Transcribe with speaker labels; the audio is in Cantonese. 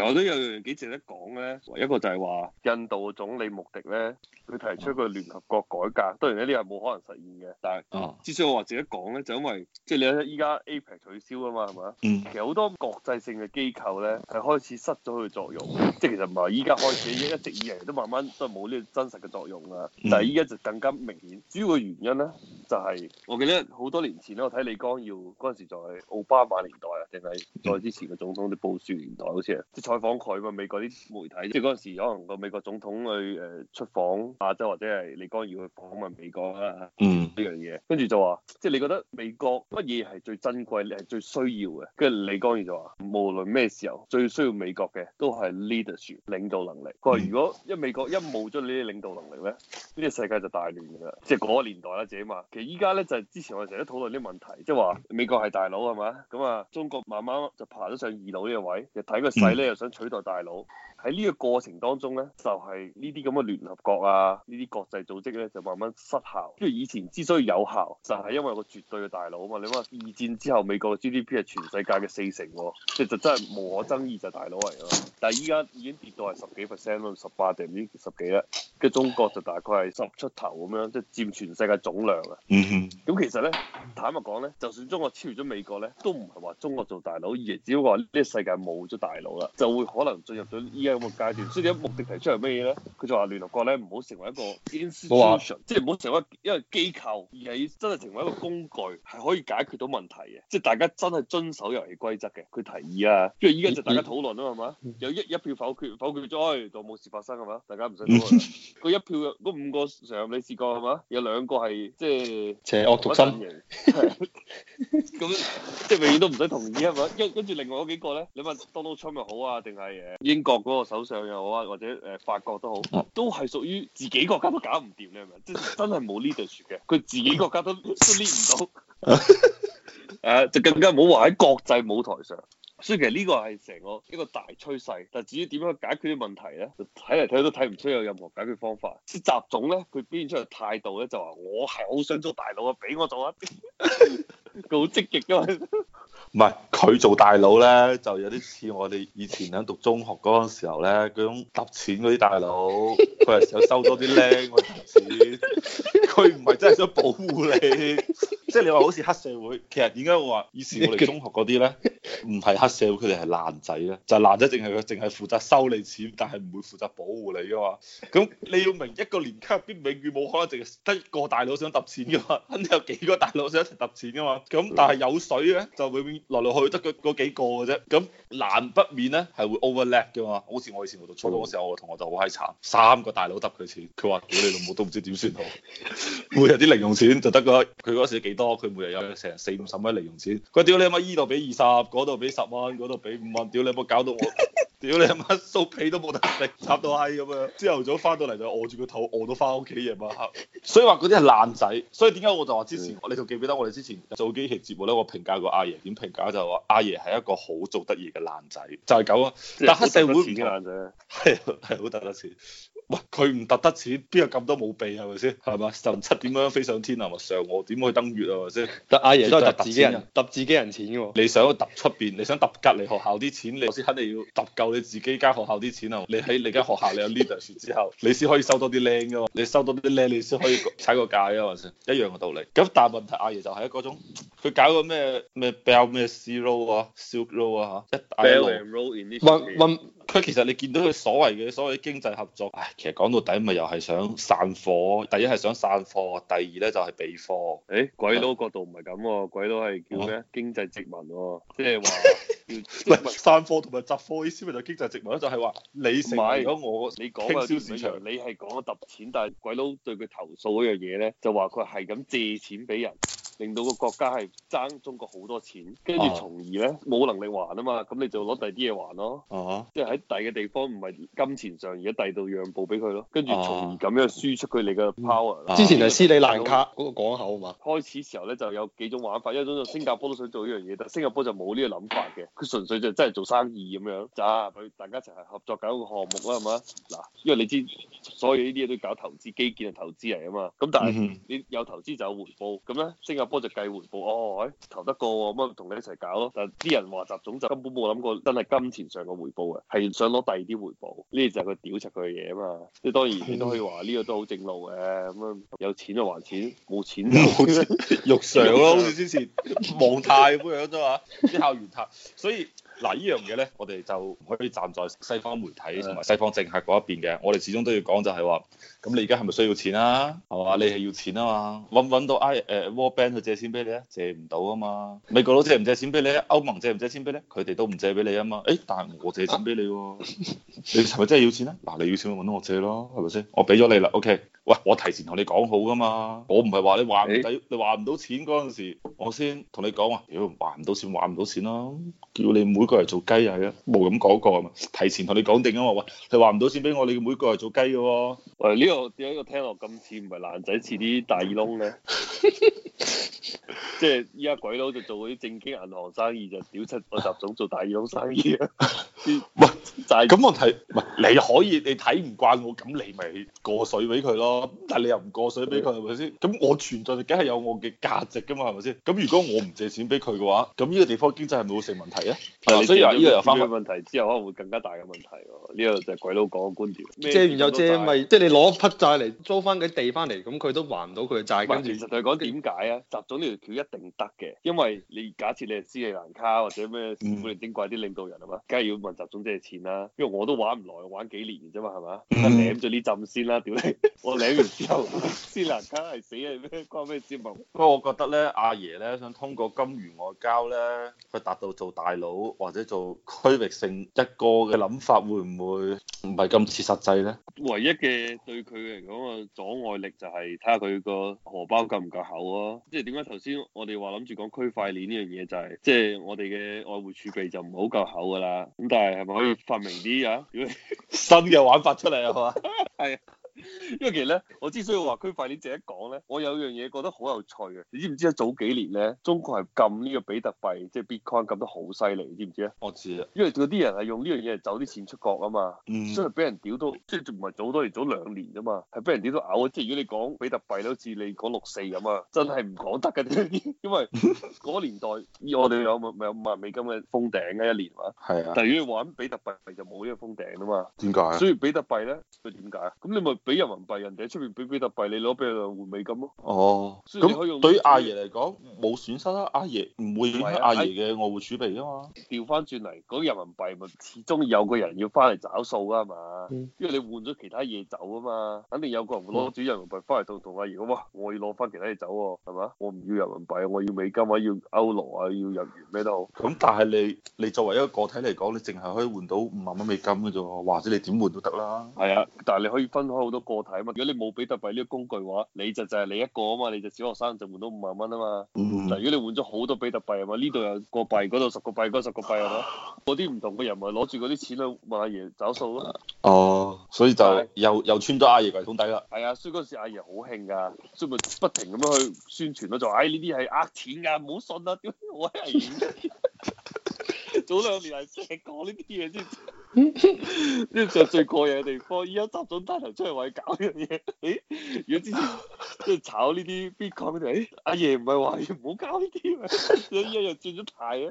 Speaker 1: 我都有
Speaker 2: 幾值得講咧，唯一,一個就係話印度嘅總理穆迪咧，佢提出個聯合國改革，當然呢啲係冇可能實現嘅，但係至少我話值得講咧，就因為即係你睇依家 APEC 取消啊嘛，係咪、嗯、其實好多國際性嘅機構咧係開始失咗佢作用，即係其實唔係依家開始，一一直以嚟都慢慢都冇呢個真實嘅作用啦。但係依家就更加明顯，主要嘅原因咧就係、是嗯、我記得好多年前咧，我睇李光耀嗰陣時就係奧巴馬年代啊，定係再之前嘅總統啲布殊年代好似啊。採訪佢個美國啲媒體，即係嗰陣時可能個美國總統去誒出訪啊，亞洲或者係李光耀去訪問美國啦、啊，呢樣嘢，跟住就話，即係你覺得美國乜嘢係最珍貴，係最需要嘅？跟住李光耀就話，無論咩時候最需要美國嘅都係 leadership 領導能力。佢話如果一美國一冇咗呢啲領導能力咧，呢個世界就大亂㗎啦。即係嗰個年代啦、啊、自己嘛，其實依家咧就係、是、之前我成日都討論啲問題，即係話美國係大佬係咪？咁啊，中國慢慢就爬咗上二佬呢個位，就睇個勢咧想取代大佬。喺呢個過程當中咧，就係呢啲咁嘅聯合國啊，呢啲國際組織咧就慢慢失效。因為以前之所以有效，就係因為有個絕對嘅大佬啊嘛。你話二戰之後美國嘅 GDP 係全世界嘅四成，即係就真係無可爭議就係大佬嚟嘅。但係依家已經跌到係十幾 percent 咯，十八定唔知十幾啦。跟住中國就大概係十出頭咁樣，即係佔全世界總量啊。嗯
Speaker 1: 哼。
Speaker 2: 咁其實咧，坦白講咧，就算中國超越咗美國咧，都唔係話中國做大佬，而係只不過話呢個世界冇咗大佬啦，就會可能進入到依。有冇階段，所以而家目的提出係咩嘢咧？佢就話聯合國咧唔好成為一個 institution，、啊、即係唔好成為一個因為機構，而係真係成為一個工具，係可以解決到問題嘅。即係大家真係遵守遊戲規則嘅。佢提議啊，即係依家就大家討論啊，係嘛、嗯嗯？有一一票否決，否決咗，就冇事發生，係嘛？大家唔使討論。嗯。佢一票，嗰五個常，你試過係嘛？有兩個係即係邪惡毒身。 咁即係永遠都唔使同意啊嘛，跟跟住另外嗰幾個咧，你問 Donald Trump 又好啊，定係英國嗰個首相又好啊，或者誒、呃、法國都好，都係屬於自己國家都搞唔掂你係咪？即真係冇呢 e a 嘅，佢自己國家都都 lead 唔到。誒、 啊，即更加冇話喺國際舞台上。所以其實呢個係成個一個大趨勢，但至於點樣解決啲問題咧，睇嚟，睇去都睇唔出有任何解決方法。啲雜種咧，佢邊出嚟態度咧就話我係好想做大佬啊，俾我做一啲。佢好積極噶，
Speaker 1: 㗎，唔係佢做大佬咧，就有啲似我哋以前響讀中學嗰陣時候咧，嗰種揼錢嗰啲大佬，佢係想收多啲僆揼錢，佢唔係真係想保護你。即係 你話好似黑社會，其實點解會話以前我哋中學嗰啲咧，唔係黑社會，佢哋係爛仔咧，就係爛仔，淨係佢淨係負責收你錢，但係唔會負責保護你噶嘛。咁你要明一個年級入邊，永遠冇可能淨係得一個大佬想揼錢噶嘛，肯定有幾個大佬想一齊揼錢噶嘛。咁但係有水咧，就會來來去去得嗰嗰幾個嘅啫。咁難不免咧係會 overlap 噶嘛。好似我以前讀初中嗰時候，我同學就好閪慘，三個大佬揼佢錢，佢話屌你老母都唔知點算好。每日啲零用錢就得個佢嗰時幾。多佢每日有成四五十蚊零用錢，佢屌你阿媽依度俾二十，嗰度俾十蚊，嗰度俾五蚊，屌你冇搞到我。 屌你阿媽掃屁都冇得力，插到閪咁樣。朝頭早翻到嚟就餓住個肚，餓到翻屋企夜晚黑。所以話嗰啲係爛仔。所以點解我就話之前，嗯、你仲記唔記得我哋之前做幾期節目咧？我評價過阿爺，點評價就係話阿爺係一個好做得嘢嘅爛仔，就係咁啊。是但黑社會唔揼錢嘅爛仔，係係好揼得錢。喂，佢唔揼得錢，邊有咁多武備係咪先？係嘛？神七點樣飛上天啊？或嫦娥點去登月啊？咪先？但阿爺都係揼自己人，揼、嗯、自己人錢嘅。你想揼出邊？你想揼隔離學校啲錢？你先肯定要揼夠。你自己間學校啲錢啊！你喺你間學校你有 leadership 之後，你先可以收多啲靚噶嘛。你收多啲靚，你先可以踩個價噶嘛先，一樣嘅道理。咁但係問題，阿爺就係一個種，佢搞個咩咩 bell 咩 road 啊 silk road 啊嚇，一帶路。佢其實你見到佢所謂嘅所謂經濟合作，唉，其實講到底咪又係想散貨。第一係想散貨，第二咧就係備貨。誒、欸，鬼佬角度唔係咁喎，鬼佬係
Speaker 2: 叫咩？經濟殖民喎、啊，即係話叫。
Speaker 1: 散貨同埋集貨意思咪就經濟殖民咯、啊？就係話你唔買咗
Speaker 2: 我，你講嘅傾銷市場你係講咗揼錢，但係鬼佬對佢投訴嗰樣嘢咧，就話佢係咁借錢俾人。令到個國家係爭中國好多錢，跟住從而咧冇能力還啊嘛，咁你就攞第二啲嘢還咯，啊、即係喺第二嘅地方唔係金錢上而喺第二度讓步俾佢咯，跟住從而咁樣輸出佢哋嘅 power。之前係斯里蘭卡嗰個港口啊嘛，開始時候咧就有幾種玩法，一種就新加坡都想做呢樣嘢，但係新加坡就冇呢個諗法嘅，佢純粹就真係做生意咁樣，就大家一齊合作搞個項目啦，係嘛？嗱，因為你知所有呢啲嘢都搞投資基建嘅投資嚟啊嘛，咁但係你有投資就有回報，咁咧新加坡波就計回報，哦，欸、投得過、啊，咁啊同你一齊搞咯。但係啲人話集總就根本冇諗過，真係金錢上嘅回報啊，係想攞第二啲回報。呢啲就係佢屌柒佢嘅嘢啊嘛。即、就、係、是、當然，你都可以話呢個都好正路嘅。
Speaker 1: 咁啊，有錢就還錢，冇錢就好 肉上償咯、啊，好似、啊啊、之前王太咁樣啫嘛，啲 校園貸，所以。嗱呢樣嘢咧，我哋就唔可以站在西方媒體同埋西方政客嗰一邊嘅，我哋始終都要講就係話，咁你而家係咪需要錢啊？係、啊、嘛，你係要錢啊嘛，揾唔揾到 I 誒、uh, World Bank 去借錢俾你啊？借唔到啊嘛，美國佬借唔借錢俾你，你，你，你啊？歐盟借唔借錢俾你？佢哋都唔借俾你啊嘛，誒但係我借錢俾你喎，你係咪真係要錢咧？嗱、啊、你要錢咪揾我借咯，係咪先？我俾咗你啦，OK？喂，我提前同你講好噶嘛，我唔係話你還唔誒你還唔到錢嗰陣時，我先同你講話、啊，如果還唔到錢還唔到錢啦、啊，叫你唔每過嚟做雞啊，係啊，冇咁講過啊嘛，提前同你講定啊嘛，喂，你話唔到錢俾我，你個妹過嚟做雞嘅喎。喂，呢個
Speaker 2: 點解呢個聽落咁似，唔係男仔似啲大耳窿咧。 即係依家鬼佬就做嗰啲正經銀行生意，就屌七個雜種做大耳窿生意啊！唔
Speaker 1: 係咁問題，係你可以你睇唔慣我，咁你咪過水俾佢咯。但係你又唔過水俾佢，係咪先？咁我存在，梗係有我嘅價值噶嘛，係咪先？咁如果我唔借錢俾佢嘅話，咁呢個地方經濟係咪會成問題啊？所以話呢個又翻翻問題之後，可能會更加大嘅問題。呢個就係鬼佬講嘅觀點。借完又借，咪即係你攞一匹債嚟租翻
Speaker 2: 啲地翻嚟，咁佢都還唔到佢嘅債，跟住其實就係講點解啊？呢條橋一定得嘅，因為你假設你係斯里蘭卡或者咩古靈精怪啲領導人啊嘛，梗係、嗯、要問習總借錢啦、啊。因為我都玩唔耐，玩幾年啫嘛，係嘛？舐咗呢浸先啦，屌你！我舐完之後，
Speaker 1: 斯里蘭卡係死係咩關咩節目？不過我覺得咧，阿爺咧想通過金援外交咧，去達到做大佬或者做區域性一個嘅諗法，會唔會唔係咁切實際咧？
Speaker 2: 唯一嘅對佢嚟講嘅阻礙力就係睇下佢個荷包夠唔夠厚咯，即係點解頭先我哋話諗住講區塊鏈呢樣嘢就係，即係我哋嘅外匯儲備就唔係好夠厚噶啦，咁但係係咪可以發明啲啊， 如果新嘅玩法出嚟 吧 啊嘛？係。因為其實咧，我之所以話區塊鏈淨係講咧，我有樣嘢覺得好有趣嘅。你知唔知啊，早幾年咧，中國係禁呢個比特幣，即係 Bitcoin 禁得好犀利，知唔知啊？我知啊。因為嗰啲人係用呢樣嘢走啲錢出國啊嘛、嗯所，所以俾人屌到，即係唔係早多年，早兩年啫嘛，係俾人屌到嘔。即係如果你講比特幣咧，好似你講六四咁啊，真係唔講得嘅。因為嗰年代， 年代我哋有咪有五萬美金嘅封頂嘅、啊、一年嘛。係啊。但如果你玩比特幣咪就冇呢個封頂
Speaker 1: 啊嘛。點解？所以
Speaker 2: 比特幣咧，佢點解？咁你咪、就是。俾人民幣，人哋喺出面俾比特幣，你攞俾佢換美金咯。哦，
Speaker 1: 咁對於阿
Speaker 2: 爺嚟講冇損失啦、啊，阿爺唔會影響、啊、阿爺嘅外匯儲備啊嘛。調翻轉嚟講，嗰個、人民幣咪始終有個人要翻嚟找數噶嘛，嗯、因為你換咗其他嘢走啊嘛，肯定有個人會攞住人民幣翻嚟到同阿爺，哇！我要攞翻其他嘢走、啊，係嘛？
Speaker 1: 我唔要人民幣，我要美金我要歐元啊，我要日元咩都好。咁但係你你作為一個，個體嚟講，你淨係可以換到五萬蚊美金嘅啫喎，或者你點換都得啦、啊。係啊，但係你可以分開。好多個體啊嘛！如果你冇比特幣呢個工
Speaker 2: 具嘅話，你就就係你一個啊嘛！你就小學生就換到五萬蚊啊嘛！嗱、嗯，如果你換咗好多比特幣啊嘛，呢度有個幣，嗰度十個幣，嗰十個幣啊嘛，嗰啲唔同嘅人咪攞住嗰啲錢去問阿爺找數咯。
Speaker 1: 哦，所以就又、啊、又穿咗阿爺櫃桶底啦。
Speaker 2: 係啊，所以嗰時阿爺好興噶，所以咪不停咁樣去宣傳咯，就話：哎，呢啲係呃錢㗎，唔好信啊！點我係？ 早兩年係成日講呢啲嘢先。呢個就最過癮嘅地方，而家 集總大人出嚟為搞呢樣嘢，誒？ 如果之前即係 炒呢啲 Bitcoin 嚟，哎，阿爺唔係話唔好搞呢啲咩？所以而家又轉咗軚啊！